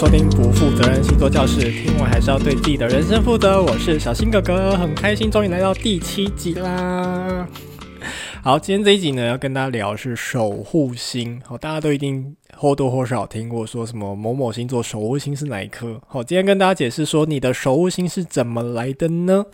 收聽不負責任星座教室，聽完還是要對自己的人生負責。我是小新哥哥，很開心終於來到第七集啦。 好，今天這一集呢，要跟大家聊是守護星。好，大家都一定或多或少聽過說什麼某某星座守護星是哪一顆。好，今天跟大家解釋說你的守護星是怎麼來的呢？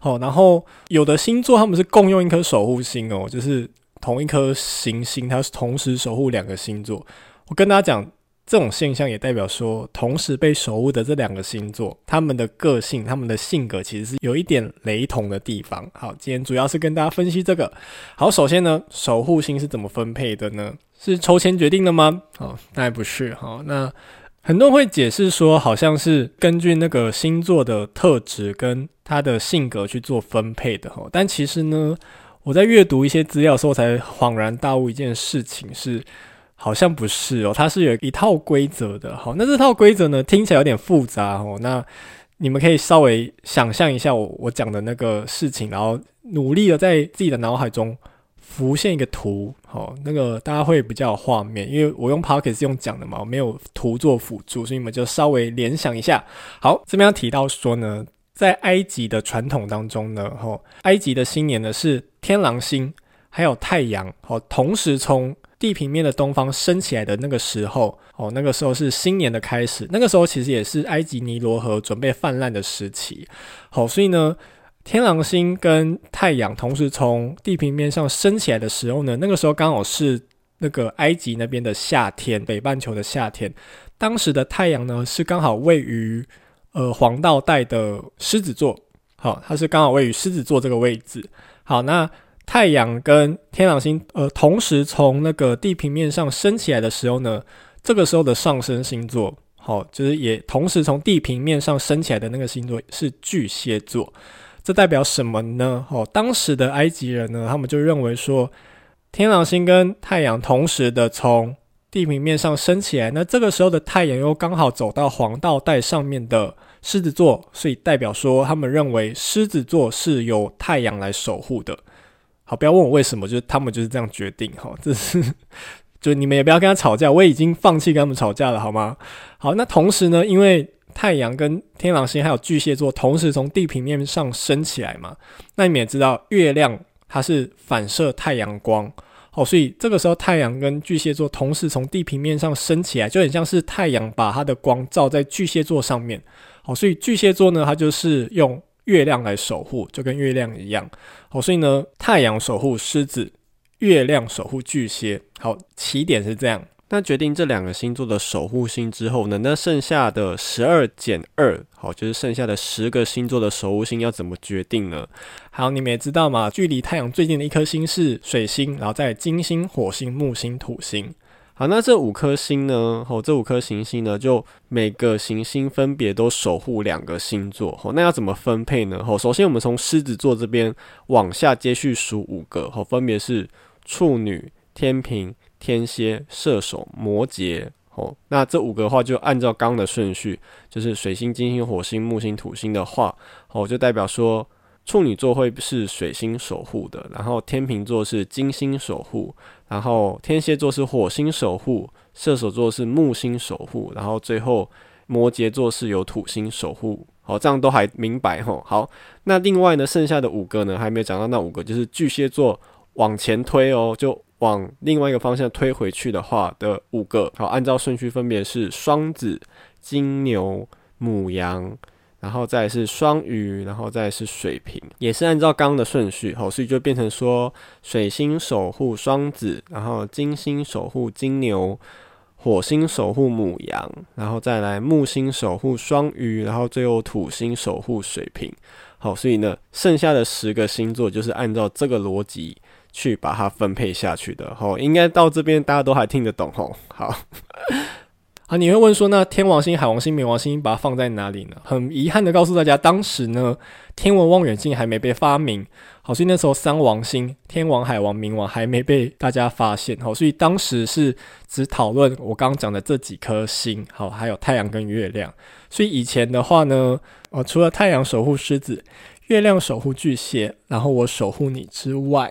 好，然後有的星座他們是共用一顆守護星哦，就是同一顆行星，它是同時守護兩個星座。我跟大家講。這種現象也代表說，同時被守護的這兩個星座，他們的個性、他們的性格其實是有一點雷同的地方。好，今天主要是跟大家分析這個。好，首先呢，守護星是怎麼分配的呢？是抽籤決定的嗎？哦，那也不是。哈、哦，那很多人會解釋說，好像是根據那個星座的特質跟他的性格去做分配的。哈、哦，但其實呢，我在閱讀一些資料的時候，我才恍然大悟一件事情是。好像不是哦，它是有一套規則的。好，那這套規則呢，聽起來有點複雜哦。那你們可以稍微想象一下我我講的那個事情，然後努力的在自己的腦海中浮現一個圖，齁，那個大家會比較有畫面，因為我用 Podcast 用講的嘛，我沒有圖做輔助，所以你們就稍微聯想一下。好，這邊要提到說呢，在埃及的傳統當中呢，齁，埃及的新年呢是天狼星還有太陽哦同時衝。地平面的東方升起來的那個時候，哦，那個時候是新年的開始。那個時候其實也是埃及尼羅河準備氾濫的時期。好，所以呢，天狼星跟太陽同時從地平面上升起來的時候呢，那個時候剛好是那個埃及那邊的夏天，北半球的夏天。當時的太陽呢是剛好位於呃黃道帶的獅子座，好，它是剛好位於獅子座這個位置。好，那。太陽跟天狼星，呃，同時從那個地平面上升起來的時候呢，這個時候的上升星座，好、哦，就是也同時從地平面上升起來的那個星座是巨蟹座，這代表什麼呢？哦，當時的埃及人呢，他們就認為說，天狼星跟太陽同時的從地平面上升起來，那這個時候的太陽又剛好走到黃道帶上面的獅子座，所以代表說，他們認為獅子座是由太陽來守護的。好，不要問我為什麼，就是他們就是這樣決定。好，這是，就你們也不要跟他吵架，我已經放棄跟他們吵架了，好嗎？好，那同時呢，因為太陽跟天狼星還有巨蟹座同時從地平面上升起來嘛，那你們也知道，月亮它是反射太陽光，好，所以這個時候太陽跟巨蟹座同時從地平面上升起來，就很像是太陽把它的光照在巨蟹座上面。好，所以巨蟹座呢，它就是用。月亮來守護，就跟月亮一樣。好，所以呢，太陽守護獅子，月亮守護巨蟹。好，起點是這樣。那決定這兩個星座的守護星之後呢，那剩下的十二減二，好，就是剩下的十個星座的守護星要怎麼決定呢？好，你們也知道嘛，距離太陽最近的一顆星是水星，然後再來金星、火星、木星、土星。好，那這五顆星呢？哦，這五顆行星呢，就每個行星分別都守護兩個星座。哦，那要怎麼分配呢？哦，首先我們從獅子座這邊往下接續數五個，哦，分別是處女、天秤、天蠍、射手、摩羯。哦，那這五個的話，就按照剛剛的順序，就是水星、金星、火星、木星、土星的話，哦，就代表說。處女座會是水星守護的，然後天秤座是金星守護，然後天蠍座是火星守護，射手座是木星守護，然後最後摩羯座是由土星守護。好，這樣都還明白吼。好，那另外呢，剩下的五個呢，還沒有講到那五個，就是巨蟹座往前推哦，就往另外一個方向推回去的話的五個。好，按照順序分別是雙子、金牛、牡羊。然後再是雙魚，然後再是水瓶，也是按照剛，剛的順序，好，所以就變成說水星守護雙子，然後金星守護金牛，火星守護牡羊，然後再來木星守護雙魚，然後最後土星守護水瓶，好，所以呢，剩下的十個星座就是按照這個邏輯去把它分配下去的，吼，應該到這邊大家都還聽得懂，吼，好。 啊，你會問說，那天王星、海王星、冥王星，把它放在哪裡呢？很遺憾的告訴大家，當時呢，天文望遠鏡還沒被發明，好，所以那時候三王星、天王、海王、冥王還沒被大家發現，好，所以當時是只討論我剛剛講的這幾顆星，好，還有太陽跟月亮。所以以前的話呢，呃、哦，除了太陽守護獅子，月亮守護巨蟹，然後我守護你之外，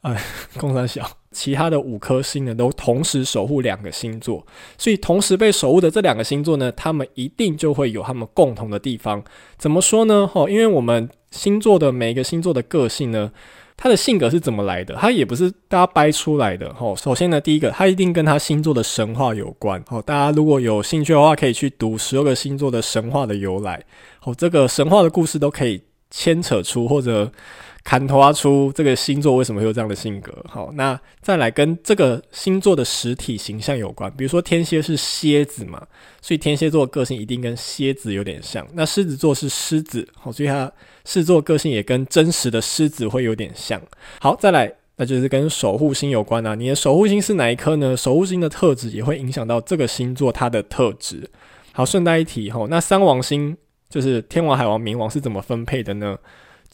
哎、 嗯，共三小。其他的五顆星呢，都同時守護兩個星座，所以同時被守護的這兩個星座呢，他們一定就會有他們共同的地方。怎麼說呢？哈，因為我們星座的每一個星座的個性呢，它的性格是怎麼來的？它也不是大家掰出來的。哈，首先呢，第一個，它一定跟它星座的神話有關。好，大家如果有興趣的話，可以去讀十二個星座的神話的由來。好，這個神話的故事都可以牽扯出或者。砍頭啊出這個星座為什麼會有這樣的性格？好，那再來跟這個星座的實體形象有關，比如說天蠍是蠍子嘛，所以天蠍座的個性一定跟蠍子有點像。那獅子座是獅子，好，所以它獅子座的個性也跟真實的獅子會有點像。好，再來，那就是跟守護星有關啊。你的守護星是哪一顆呢？守護星的特質也會影響到這個星座它的特質。好，順帶一提，吼，那三王星就是天王、海王、冥王是怎麼分配的呢？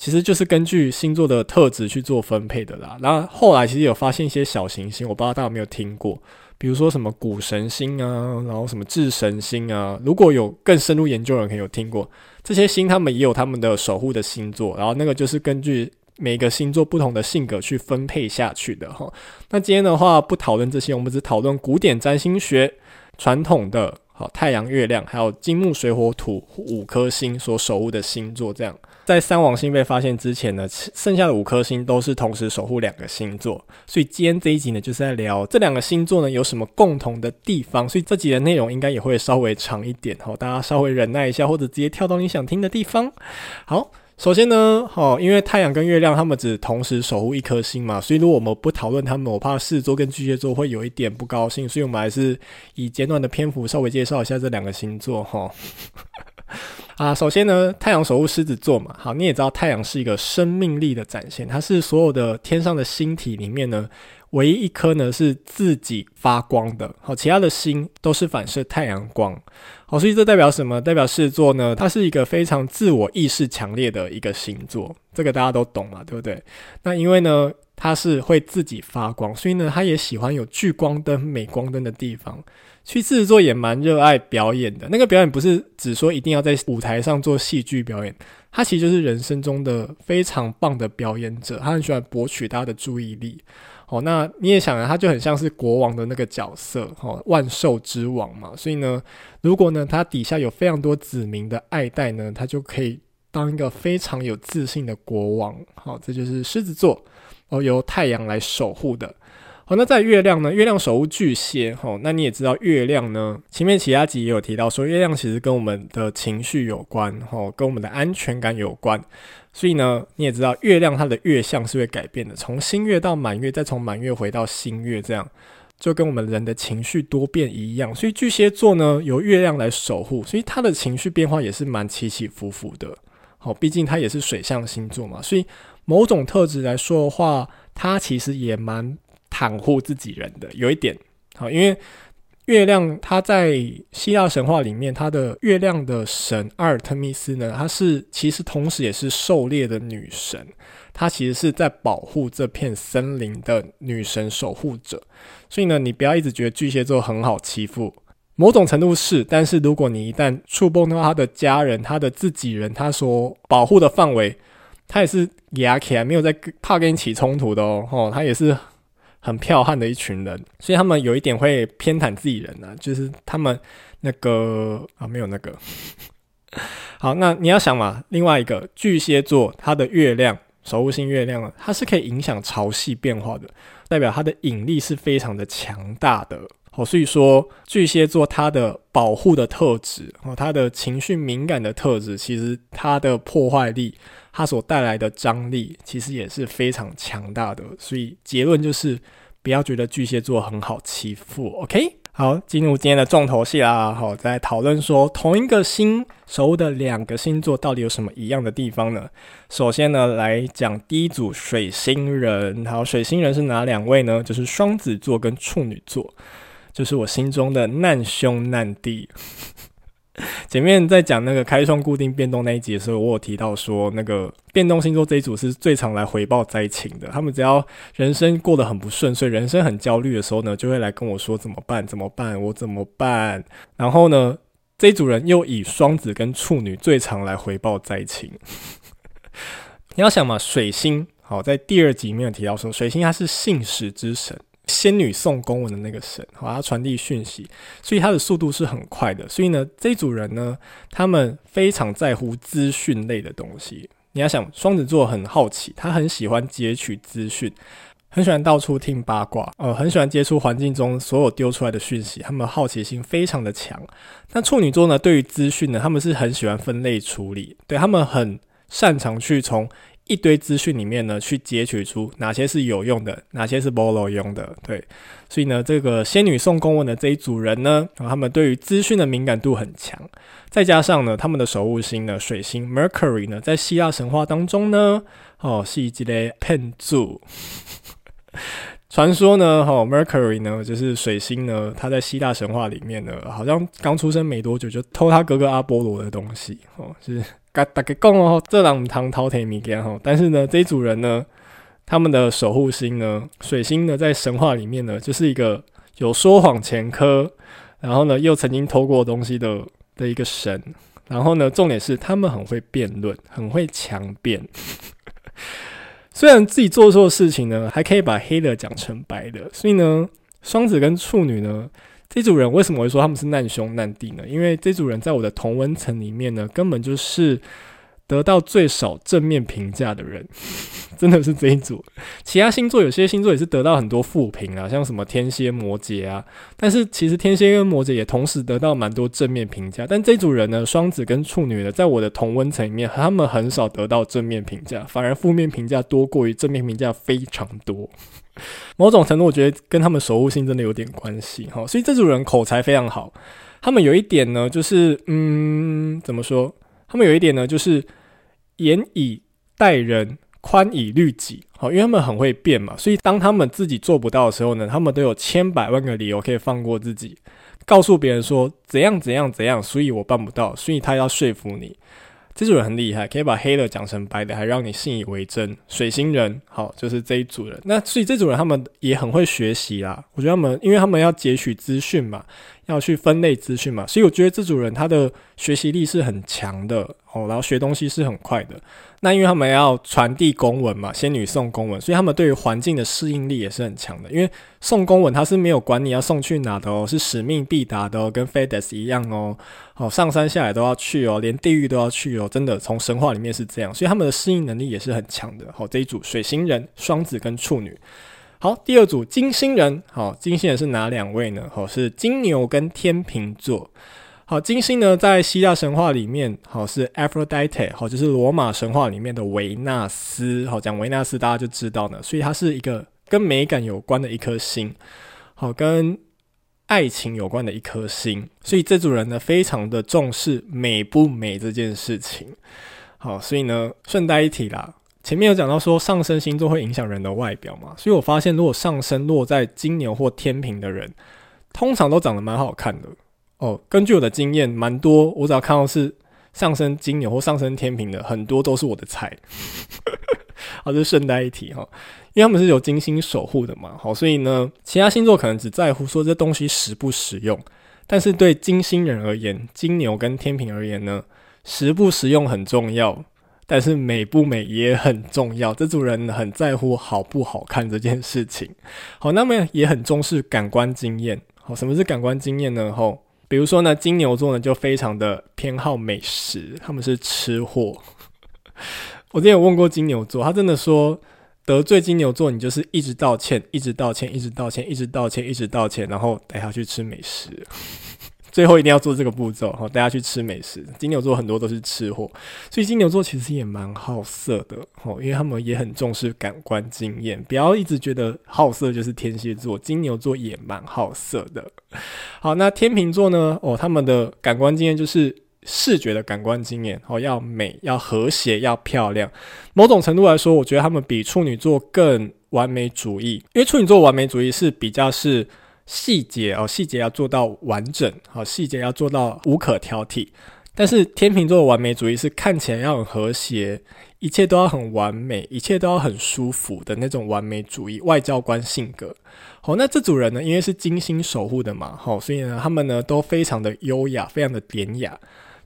其實就是根據星座的特質去做分配的啦。然後後來其實有發現一些小行星，我不知道大家有沒有聽過，比如說什麼谷神星啊，然後什麼智神星啊。如果有更深入研究的人，可能有聽過這些星，他們也有他們的守護的星座。然後那個就是根據每一個星座不同的性格去分配下去的哈。那今天的話不討論這些，我們只討論古典占星學傳統的。好，太陽、月亮，還有金木水火土五顆星所守護的星座，這樣，在三王星被發現之前呢，剩下的五顆星都是同時守護兩個星座，所以今天這一集呢，就是在聊這兩個星座呢有什麼共同的地方，所以這集的內容應該也會稍微長一點，好，大家稍微忍耐一下，或者直接跳到你想聽的地方，好。首先呢，好，因為太陽跟月亮他們只同時守護一顆星嘛，所以如果我們不討論他們，我怕獅子座跟巨蟹座會有一點不高興，所以我們還是以簡短的篇幅稍微介紹一下這兩個星座哈。 啊，首先呢，太陽守護獅子座嘛，好，你也知道太陽是一個生命力的展現，它是所有的天上的星體裡面呢，唯一一顆呢是自己發光的，好，其他的星都是反射太陽光，好，所以這代表什麼？代表獅子座呢，它是一個非常自我意識強烈的一個星座，這個大家都懂嘛，對不對？那因為呢，它是會自己發光，所以呢，它也喜歡有聚光燈、鎂光燈的地方。去獅子座也蠻熱愛表演的，那個表演不是只說一定要在舞台上做戲劇表演，他其實就是人生中的非常棒的表演者，他很喜歡博取大家的注意力。好、哦，那你也想啊，他就很像是國王的那個角色，哦、萬獸之王嘛。所以呢，如果呢他底下有非常多子民的愛戴呢，他就可以當一個非常有自信的國王。好、哦，這就是獅子座，哦，由太陽來守護的。好，那在月亮呢？月亮守護巨蟹，齁，那你也知道，月亮呢，前面其他集也有提到說，說月亮其實跟我們的情緒有關，齁，跟我們的安全感有關。所以呢，你也知道，月亮它的月相是會改變的，從新月到滿月，再從滿月回到新月，這樣就跟我們人的情緒多變一樣。所以巨蟹座呢，由月亮來守護，所以它的情緒變化也是蠻起起伏伏的。好，畢竟它也是水象星座嘛，所以某種特質來說的話，它其實也蠻。袒護自己人的有一點好，因為月亮它在希臘神話裡面，它的月亮的神阿爾忒彌斯呢，她是其實同時也是狩獵的女神，她其實是在保護這片森林的女神守護者。所以呢，你不要一直覺得巨蟹座很好欺負，某種程度是，但是如果你一旦觸碰的話，他的家人、他的自己人，他所保護的範圍，他也是牙起來沒有在怕跟你起衝突的哦，哦，他也是。很彪悍的一群人，所以他們有一點會偏袒自己人呢、啊，就是他們那個啊，沒有那個。 好，那你要想嘛，另外一個巨蟹座它的月亮守護星月亮啊，它是可以影響潮汐變化的，代表它的引力是非常的強大的。所以說，巨蟹座它的保護的特質，哦，它的情緒敏感的特質，其實它的破壞力，它所帶來的張力，其實也是非常強大的。所以結論就是，不要覺得巨蟹座很好欺負。OK，好，進入今天的重頭戲啦。好，再討論說同一個星守護的兩個星座到底有什麼一樣的地方呢？首先呢，來講第一組水星人。好，水星人是哪兩位呢？就是雙子座跟處女座。就是我心中的難兄難弟。 前面在講那個開創固定變動那一集的時候，我有提到說，那個變動星座這一組是最常來回報災情的。他們只要人生過得很不順，所以人生很焦慮的時候呢，就會來跟我說怎麼辦？怎麼辦？我怎麼辦？然後呢，這一組人又以雙子跟處女最常來回報災情。 你要想嘛，水星好，在第二集沒有提到說，水星它是信使之神。仙女送公文的那個神，好啊，他傳遞訊息，所以他的速度是很快的。所以呢，這組人呢，他們非常在乎資訊類的東西。你要想，雙子座很好奇，他很喜歡截取資訊，很喜歡到處聽八卦，呃，很喜歡接觸環境中所有丟出來的訊息。他們好奇心非常的強。那處女座呢，對於資訊呢，他們是很喜歡分類處理，對，他們很擅長去從，一堆資訊裡面呢，去截取出哪些是有用的，哪些是無路用的。對，所以呢，這個仙女送公文的這一組人呢，他們對於資訊的敏感度很強，再加上呢，他們的守護星呢，水星 Mercury 呢，在希臘神話當中呢，哦，是一隻咧騙子。傳 說呢，哈、哦、Mercury 呢，就是水星呢，它在希臘神話裡面呢，好像剛出生沒多久就偷他哥哥阿波羅的東西，哦，就是。大講哦，這吼、哦，但是呢，這一組人呢，他們的守護星呢，水星呢，在神話裡面呢，就是一個有說謊前科，然後呢，又曾經偷過東西的的一個神。然後呢，重點是他們很會辯論，很會強辯， 雖然自己做錯事情呢，還可以把黑的講成白的。所以呢，雙子跟處女呢。這組人為什麼會說他們是難兄難弟呢？因為這組人在我的同溫層裡面呢，根本就是得到最少正面評價的人，真的是這一組。其他星座有些星座也是得到很多負評啊，像什麼天蠍、摩羯啊。但是其實天蠍跟摩羯也同時得到蠻多正面評價。但這組人呢，雙子跟處女的，在我的同溫層裡面，他們很少得到正面評價，反而負面評價多過於正面評價非常多。某種程度，我覺得跟他們守護星真的有點關係哈。所以這組人口才非常好。他們有一點呢，就是嗯，怎麼說？他們有一點呢，就是嚴以待人，寬以律己。因為他們很會變嘛，所以當他們自己做不到的時候呢，他們都有千百萬個理由可以放過自己，告訴別人說怎樣怎樣怎樣，所以我辦不到，所以他要說服你。這組人很厲害，可以把黑的講成白的，還讓你信以為真。水星人，好，就是這一組人。那所以這組人他們也很會學習啦。我覺得他們，因為他們要截取資訊嘛。要去分類資訊嘛，所以我覺得這組人他的學習力是很強的哦，然後學東西是很快的。那因為他們要傳遞公文嘛，仙女送公文，所以他們對於環境的適應力也是很強的。因為送公文他是沒有管你要送去哪的哦，是使命必達的哦，跟 FedEx 一樣哦，好、哦，上山下海都要去哦，連地獄都要去哦，真的從神話裡面是這樣，所以他們的適應能力也是很強的。好、哦，這一組水星人、雙子跟處女。好，第二組金星人。好，金星人是哪兩位呢？好，是金牛跟天秤座。好，金星呢，在希臘神話裡面，好，是 Aphrodite，好，就是羅馬神話裡面的維納斯。好，講維納斯大家就知道呢，所以它是一個跟美感有關的一顆星，好，跟愛情有關的一顆星。所以這組人呢，非常的重視美不美這件事情。好，所以呢，順帶一提啦。前面有講到說，上升星座會影響人的外表嘛，所以我發現如果上升落在金牛或天秤的人，通常都長得蠻好看的哦。根據我的經驗，蠻多我只要看到是上升金牛或上升天秤的，很多都是我的菜。啊，這是順帶一提哈、哦，因為他們是有金星守護的嘛，好，所以呢，其他星座可能只在乎說，這東西實不實用，但是對金星人而言，金牛跟天秤而言呢，實不實用很重要。但是美不美也很重要，這組人很在乎好不好看這件事情。好，那麼也很重視感官經驗。好，什麼是感官經驗呢？吼、哦，比如說呢，金牛座呢就非常的偏好美食，他們是吃貨。 我之前有問過金牛座，他真的說得罪金牛座，你就是一直,一直道歉，一直道歉，一直道歉，一直道歉，一直道歉，然後帶他去吃美食。最後一定要做這個步驟哦，大家去吃美食。金牛座很多都是吃貨，所以金牛座其實也蠻好色的哦，因為他們也很重視感官經驗。不要一直覺得好色就是天蠍座，金牛座也蠻好色的。好，那天秤座呢？哦，他們的感官經驗就是視覺的感官經驗哦，要美，要和諧，要漂亮。某種程度來說，我覺得他們比處女座更完美主義，因為處女座完美主義是比較是。細節哦，細節要做到完整，好、哦、細節要做到無可挑剔。但是天秤座的完美主義是看起來要很和諧，一切都要很完美，一切都要很舒服的那種完美主義，外交官性格。好、哦，那這組人呢，因為是金星守護的嘛，好、哦，所以呢，他們呢都非常的優雅，非常的典雅。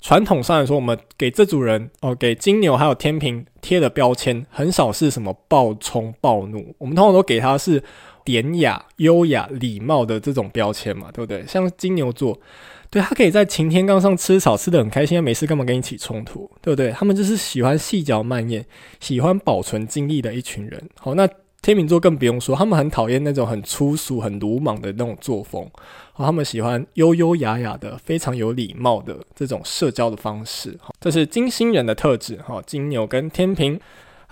傳統上來說，我們給這組人哦，給金牛還有天秤貼的標籤很少是什麼暴衝暴怒，我們通常都給他是。典雅、優雅、禮貌的這種標籤嘛，對不對？像金牛座，對，他可以在擎天崗上吃草，吃得很開心，沒事幹嘛跟你起衝突，對不對？他們就是喜歡細嚼慢嚥，喜歡保存精力的一群人。好，那天秤座更不用說，他們很討厭那種很粗俗、很魯莽的那種作風。好，他們喜歡悠悠雅雅的、非常有禮貌的這種社交的方式。好，這是金星人的特質。好，金牛跟天秤。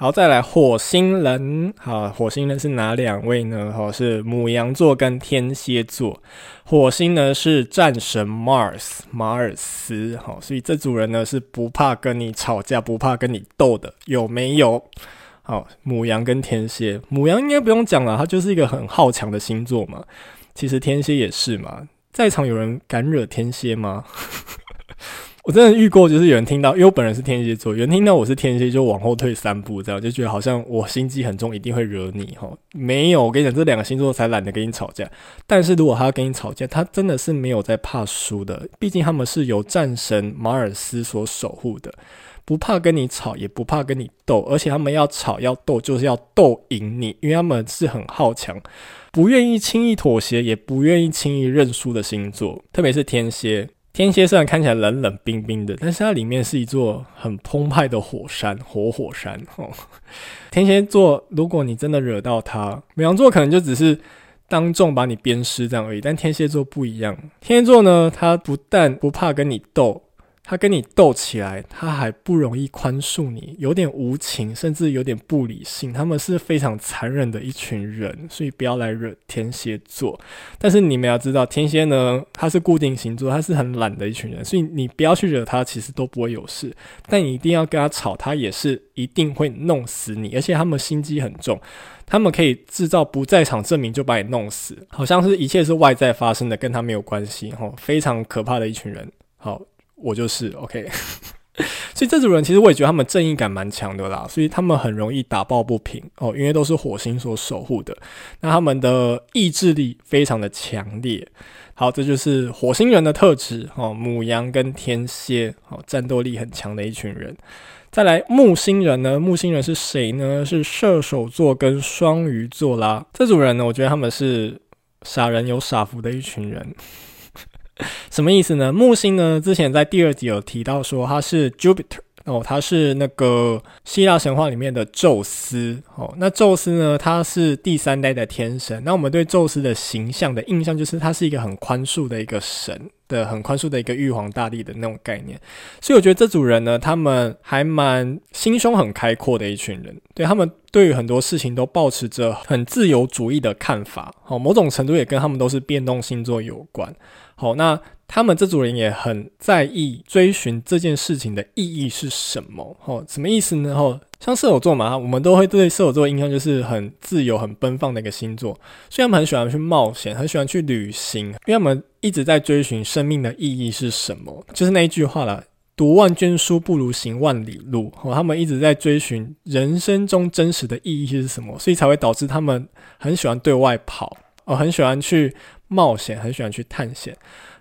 好，再來火星人。好，火星人是哪兩位呢？好，是牡羊座跟天蠍座。火星呢是戰神 Mars 馬爾斯。好，所以這組人呢是不怕跟你吵架，不怕跟你鬥的，有沒有？好，牡羊跟天蠍。牡羊應該不用講了，它就是一個很好強的星座嘛。其實天蠍也是嘛。在場有人敢惹天蠍嗎？ 我真的遇過，就是有人聽到，因為我本人是天蠍座，有人聽到我是天蠍，就往後退三步，這樣就覺得好像我心機很重，一定會惹你，吼，沒有，我跟你講，這兩個星座才懶得跟你吵架。但是如果他要跟你吵架，他真的是沒有在怕輸的，畢竟他們是由戰神馬爾斯所守護的，不怕跟你吵，也不怕跟你鬥，而且他們要吵要鬥就是要鬥贏你，因為他們是很好強，不願意輕易妥協，也不願意輕易認輸的星座，特別是天蠍。天蠍雖然看起來冷冷冰冰的，但是它裡面是一座很澎湃的火山，活火，火山。哈、哦，天蠍座，如果你真的惹到他，牡羊座可能就只是當眾把你鞭屍這樣而已，但天蠍座不一樣。天蠍座呢，他不但不怕跟你鬥。他跟你鬥起來，他還不容易寬恕你，有點無情，甚至有點不理性。他們是非常殘忍的一群人，所以不要來惹天蠍座。但是你們要知道，天蠍呢，他是固定星座，他是很懶的一群人，所以你不要去惹他，其實都不會有事。但你一定要跟他吵，他也是一定會弄死你，而且他們心機很重，他們可以制造不在場證明就把你弄死，好像是一切是外在發生的，跟他沒有關係。吼，非常可怕的一群人。好。我就是 OK， 所以這組人其實我也覺得他們正義感蠻強的啦，所以他們很容易打抱不平哦，因為都是火星所守護的,那他們的意志力非常的強烈。好，這就是火星人的特質哦。牡羊跟天蠍哦，戰鬥力很強的一群人。再來木星人呢？木星人是誰呢？是射手座跟雙魚座啦。這組人呢，我覺得他們是傻人有傻福的一群人。什麼意思呢？木星呢？之前在第二集有提到說他是 Jupiter 哦，他是那個希臘神話裡面的宙斯哦。那宙斯呢？他是第三代的天神。那我們對宙斯的形象的印象就是他是一個很寬恕的一個神的，很寬恕的一個玉皇大帝的那種概念。所以我覺得這組人呢，他們還蠻心胸很開闊的一群人，對他們對於很多事情都抱持著很自由主義的看法。好、哦，某種程度也跟他們都是變動星座有關。哦，那他們這組人也很在意追尋這件事情的意義是什麼。哦，什麼意思呢？哦，像射手座嘛，我們都會對射手座的印象就是很自由、很奔放的一個星座。雖然他們很喜歡去冒險，很喜歡去旅行，因為他們一直在追尋生命的意義是什麼。就是那一句話啦，讀萬卷書不如行萬里路。哦，他們一直在追尋人生中真實的意義是什麼，所以才會導致他們很喜歡對外跑。我、哦、很喜歡去冒險，很喜歡去探險。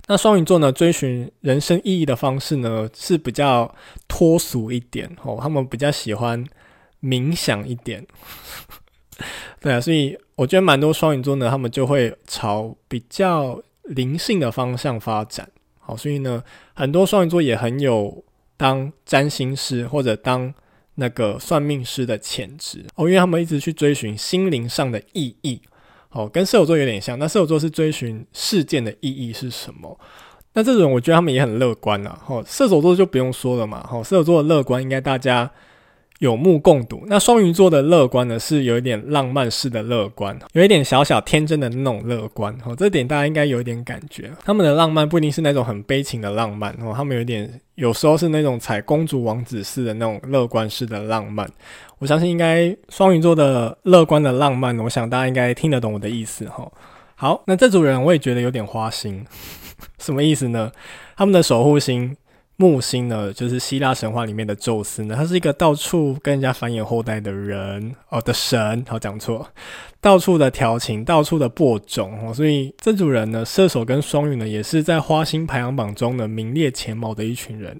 那雙魚座呢？追尋人生意義的方式呢，是比較脫俗一點哦。他們比較喜歡冥想一點， 對啊。所以我覺得蠻多雙魚座呢，他們就會朝比較靈性的方向發展。好、哦，所以呢，很多雙魚座也很有當占星師或者當那個算命師的潛質哦，因為他們一直去追尋心靈上的意義。哦，跟射手座有點像。那射手座是追尋事件的意義是什麼？那這種我覺得他們也很樂觀啊。哦，射手座就不用說了嘛。哦，射手座的樂觀應該大家有目共睹。那雙魚座的樂觀呢，是有一點浪漫式的樂觀，有一點小小天真的那種樂觀。哦，這點大家應該有一點感覺。他們的浪漫不一定是那種很悲情的浪漫，哦，他們有點有時候是那種採公主王子式的那種樂觀式的浪漫。我相信應該雙魚座的樂觀的浪漫，我想大家應該聽得懂我的意思。哈、哦，好，那這組人我也覺得有點花心，什麼意思呢？他們的守護星，木星呢，就是希臘神話裡面的宙斯呢，他是一個到處跟人家繁衍後代的人哦的神。好，講錯，到處的調情，到處的播種哦。所以這組人呢，射手跟雙魚呢，也是在花心排行榜中呢，名列前茅的一群人。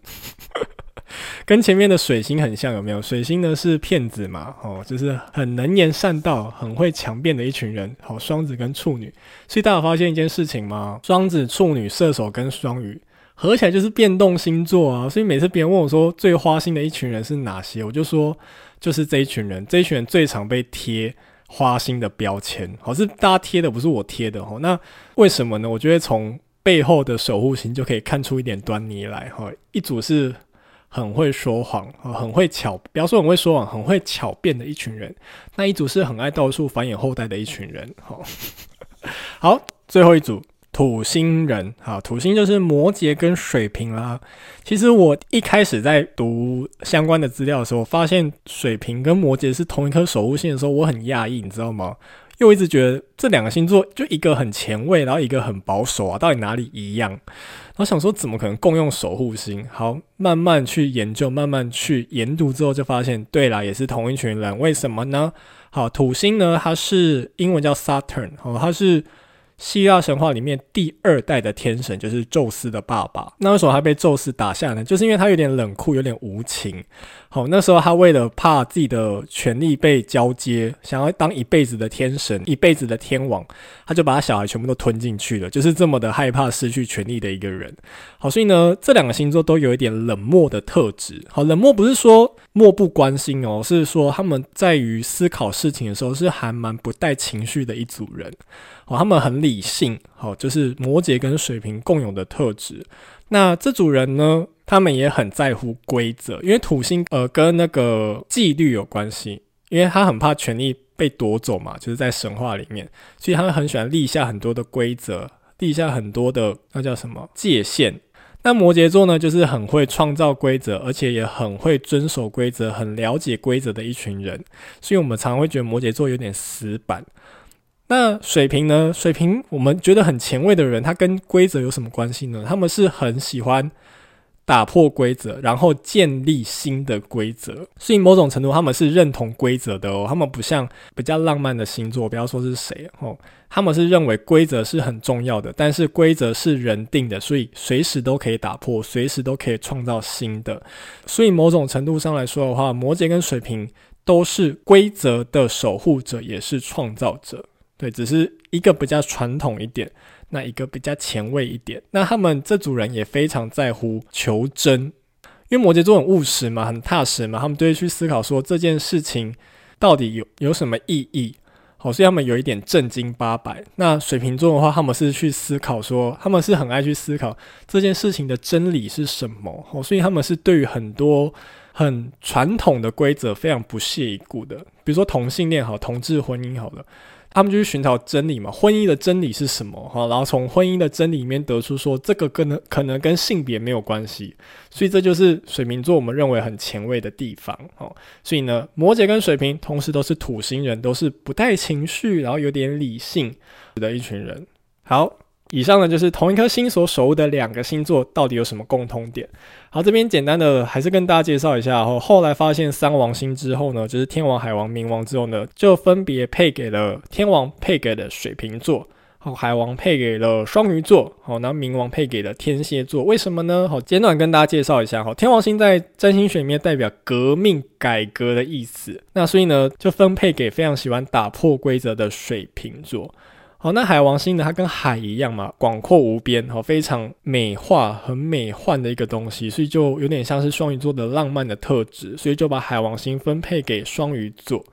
跟前面的水星很像，有沒有？水星呢是騙子嘛。哦，就是很能言善道，很會強辯的一群人。好、哦，雙子跟處女，所以大家有發現一件事情嗎？雙子、處女、射手跟雙魚。合起來就是變動星座啊，所以每次別人問我說，最花心的一群人是哪些，我就說就是這一群人，這一群人最常被貼花心的標籤，好，是大家貼的，不是我貼的哈。那為什麼呢？我覺得從背後的守護星就可以看出一點端倪來哈。一組是很會說謊，很會巧，不要說很會說謊，很會巧辯的一群人。那一組是很愛到處繁衍後代的一群人。好，好，最後一組。土星人，好，土星就是摩羯跟水瓶啦。其實我一開始在讀相關的資料的時候，發現水瓶跟摩羯是同一顆守護星的時候，我很訝異，你知道嗎？又一直覺得這兩個星座就一個很前衛，然後一個很保守啊，到底哪裡一樣？然後想說怎麼可能共用守護星？好，慢慢去研究，慢慢去研讀之後，就發現對啦，也是同一群人，為什麼呢？好，土星呢，它是英文叫 Saturn，哦，它是。希臘神話裡面第二代的天神，就是宙斯的爸爸，那為什麼他被宙斯打下呢？就是因為他有點冷酷，有點無情。好，那時候他為了怕自己的權力被交接，想要當一輩子的天神，一輩子的天王，他就把他小孩全部都吞進去了。就是這麼的害怕失去權力的一個人。好，所以呢，這兩個星座都有一點冷漠的特質。好，冷漠不是說漠不關心哦，喔，是說他們在於思考事情的時候是還蠻不帶情緒的一組人。哦，他們很理性。好，就是摩羯跟水瓶共有的特質。那這組人呢？他們也很在乎規則，因為土星呃跟那個紀律有關係，因為他很怕權力被奪走嘛，就是在神話裡面，所以他們很喜歡立下很多的規則，立下很多的那叫什麼界限。那摩羯座呢，就是很會創造規則，而且也很會遵守規則，很了解規則的一群人，所以我們常會覺得摩羯座有點死板。那水瓶呢，水瓶我們覺得很前衛的人，他跟規則有什麼關係呢？他們是很喜歡。打破規則，然後建立新的規則，所以某種程度他們是認同規則的哦。他們不像比較浪漫的星座，不要說是誰哦，他們是認為規則是很重要的，但是規則是人定的，所以隨時都可以打破，隨時都可以創造新的。所以某種程度上來說的話，摩羯跟水瓶都是規則的守護者，也是創造者。對，只是一個比較傳統一點。那一個比較前衛一點，那他們這組人也非常在乎求真，因為摩羯座很務實嘛，很踏實嘛，他們都會去思考說這件事情到底有有什麼意義。好，所以他們有一點正經八百。那水瓶座的話，他們是去思考說，他們是很愛去思考這件事情的真理是什麼。好，所以他們是對於很多很傳統的規則非常不屑一顧的，比如說同性戀好，同志婚姻好了。他們就去尋找真理嘛，婚姻的真理是什麼？哈，然後從婚姻的真理裡面得出說，這個跟可能跟性別沒有關係，所以這就是水瓶座我們認為很前衛的地方哦。所以呢，摩羯跟水瓶同時都是土星人，都是不帶情緒，然後有點理性的一群人。好。以上呢，就是同一顆星所守護的兩個星座到底有什麼共通點。好，這邊簡單的還是跟大家介紹一下。後後來發現三王星之後呢，就是天王、海王、冥王之後呢，就分別配給了，天王配給了水瓶座，好，海王配給了雙魚座，好，那冥王配給了天蠍座。為什麼呢？好，簡短跟大家介紹一下。哈，天王星在占星學裡面代表革命改革的意思，那所以呢，就分配給非常喜歡打破規則的水瓶座。好，那海王星呢？它跟海一樣嘛，廣闊無邊，好，非常美化，很美幻的一個東西，所以就有點像是雙魚座的浪漫的特質，所以就把海王星分配給雙魚座。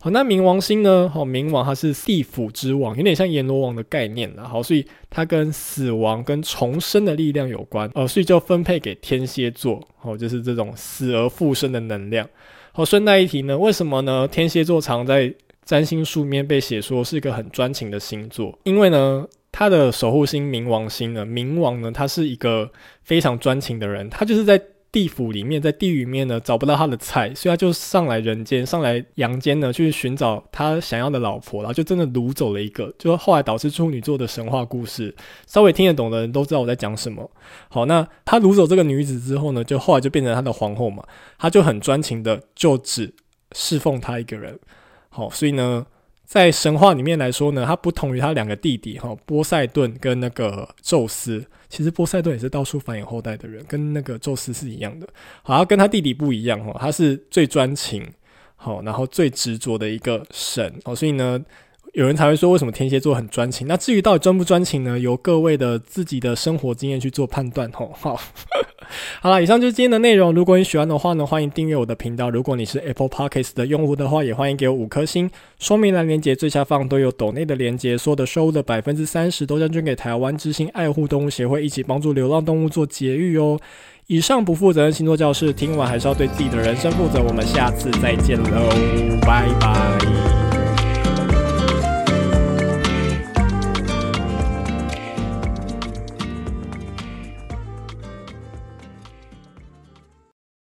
好，那冥王星呢？好，冥王它是地府之王，有點像閻羅王的概念啦。好，所以它跟死亡跟重生的力量有關，呃，所以就分配給天蠍座。好，就是這種死而復生的能量。好，順帶一提呢，為什麼呢？天蠍座常常在。占星術面被寫說是一個很專情的星座，因為呢，他的守護星冥王星呢，冥王呢，他是一個非常專情的人，他就是在地府裡面，在地獄裡面呢，找不到他的菜，所以他就上來人間，上來陽間呢，去尋找他想要的老婆，然後就真的擄走了一個，就後來導致處女座的神話故事，稍微聽得懂的人都知道我在講什麼。好，那他擄走這個女子之後呢，就後來就變成他的皇後嘛，他就很專情的就只侍奉他一個人。好，所以呢，在神話裡面來說呢，他不同於他兩個弟弟哈，波塞頓跟那個宙斯，其實波塞頓也是到處繁衍後代的人，跟那個宙斯是一樣的。好，他跟他弟弟不一樣哦，他是最專情，好，然後最執着的一個神哦。所以呢。有人才會說為什麼天蠍座很專情。那至於到底專不專情呢？由各位的自己的生活經驗去做判斷吼好， 好了，以上就是今天的內容。如果你喜歡的話呢，歡迎訂閱我的頻道。如果你是 Apple Podcasts 的用戶的話，也歡迎給我五顆星。說明欄連結最下方都有斗內的連結。所有的收入的百分之三十都將捐給台灣之心愛護動物協會，一起幫助流浪動物做絕育哦。以上不負責任星座教室，聽完還是要對自己的人生負責。我們下次再見嘍，拜拜。